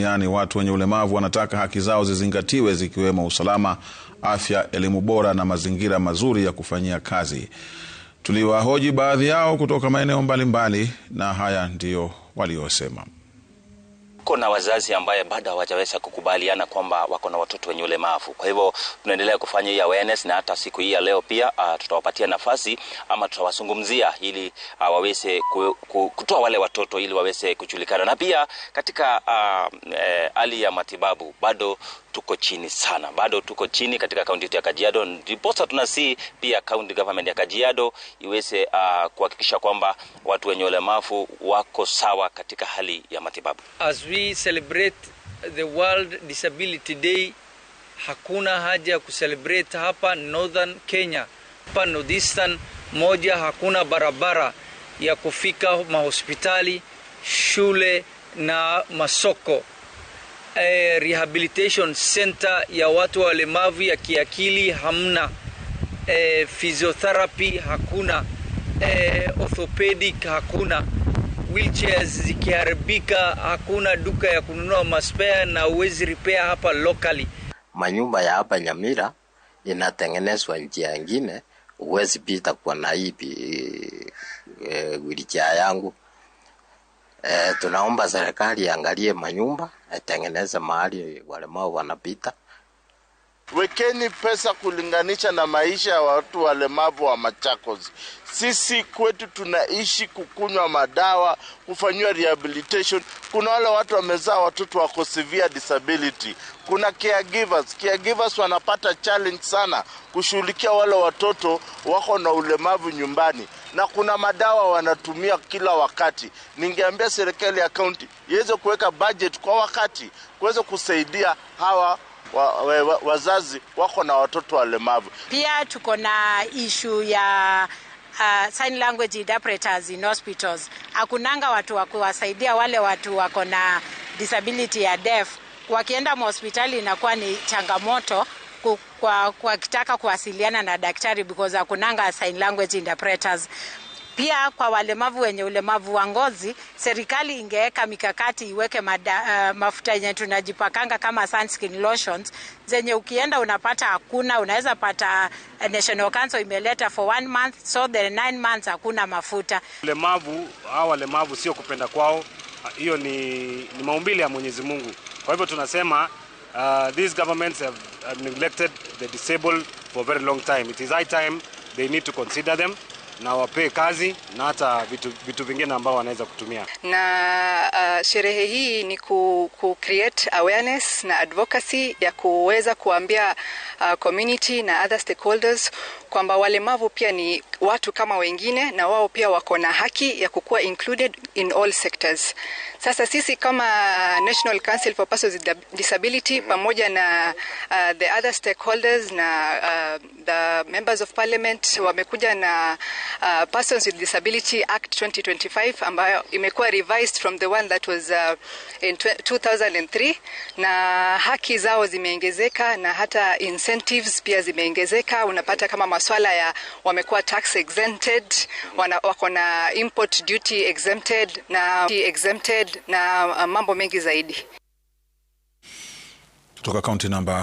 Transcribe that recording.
duniani, watu wenye ulemavu wanataka haki zao zizingatiwe, zikiwemo usalama, afya, elimu bora na mazingira mazuri ya kufanyia kazi. Tuliwahoji baadhi yao kutoka maeneo mbalimbali, na haya ndiyo waliosema. Niko na wazazi ambaye bado hawajaweza kukubaliana kwamba wako na watoto wenye ulemavu. Kwa hivyo tunaendelea kufanya hii awareness na hata siku hii ya leo pia uh, tutawapatia nafasi ama tutawazungumzia ili uh, waweze ku, ku, kutoa wale watoto ili waweze kujulikana na pia katika ah, eh, hali uh, eh, ya matibabu bado tuko chini sana, bado tuko chini katika kaunti yetu ya Kajiado, ndiposa tunasii pia county government ya Kajiado iweze uh, kuhakikisha kwamba watu wenye ulemavu wako sawa katika hali ya matibabu. As we celebrate the World Disability Day, hakuna haja ya kucelebrate hapa Northern Kenya, hapa Northeastern moja, hakuna barabara ya kufika mahospitali, shule na masoko eh, rehabilitation center ya watu walemavu ya kiakili hamna, eh, physiotherapy hakuna, eh, orthopedic hakuna, wheelchairs zikiharibika hakuna duka ya kununua maspea na uwezi repair hapa locally. Manyumba ya hapa Nyamira inatengenezwa njia ingine, uwezi pita kwa naibi e, eh, wheelchair yangu E, tunaomba serikali iangalie manyumba, itengeneze mahali walemavu wanapita, Wekeni pesa kulinganisha na maisha ya watu walemavu wa Machakos. Sisi kwetu tunaishi kukunywa madawa, kufanyiwa rehabilitation. Kuna wale watu wamezaa watoto wako severe disability. Kuna caregivers. Caregivers wanapata challenge sana kushughulikia wale watoto wako na ulemavu nyumbani, na kuna madawa wanatumia kila wakati. Ningeambia serikali ya kaunti iweze kuweka budget kwa wakati kuweza kusaidia hawa wa, wa, wa, wazazi wako na watoto walemavu. Pia tuko na ishu ya uh, sign language interpreters in hospitals. akunanga watu wa kuwasaidia wale watu wako na disability ya deaf, wakienda hospitali inakuwa ni changamoto wakitaka kwa, kitaka kuwasiliana na daktari because akunanga sign language interpreters. Pia kwa walemavu wenye ulemavu wa ngozi, serikali ingeweka mikakati, iweke mada, uh, mafuta yenye tunajipakanga kama sunscreen lotions zenye ukienda unapata hakuna. Unaweza pata uh, National Council imeleta for one month, so the nine months hakuna mafuta. Ulemavu au walemavu sio kupenda kwao, hiyo ni, ni maumbile ya Mwenyezi Mungu. Kwa hivyo tunasema uh, these governments have, have neglected the disabled for a very long time. It is high time they need to consider them na wapee kazi na hata vitu, vitu vingine ambao wanaweza kutumia. Na uh, sherehe hii ni ku, ku create awareness na advocacy ya kuweza kuambia uh, community na other stakeholders kwamba walemavu pia ni watu kama wengine na wao pia wako na haki ya kukuwa included in all sectors. Sasa sisi kama uh, National Council for Persons with Disability mm-hmm. pamoja na uh, the other stakeholders na uh, the members of parliament wamekuja na uh, Persons with Disability Act 2025 ambayo imekuwa revised from the one that was uh, in 2003 na haki zao zimeongezeka na hata incentives pia zimeongezeka. Unapata kama maswala ya wamekuwa tax exempted, wana, wako na import duty exempted na exempted na uh, mambo mengi zaidi kutoka kaunti namba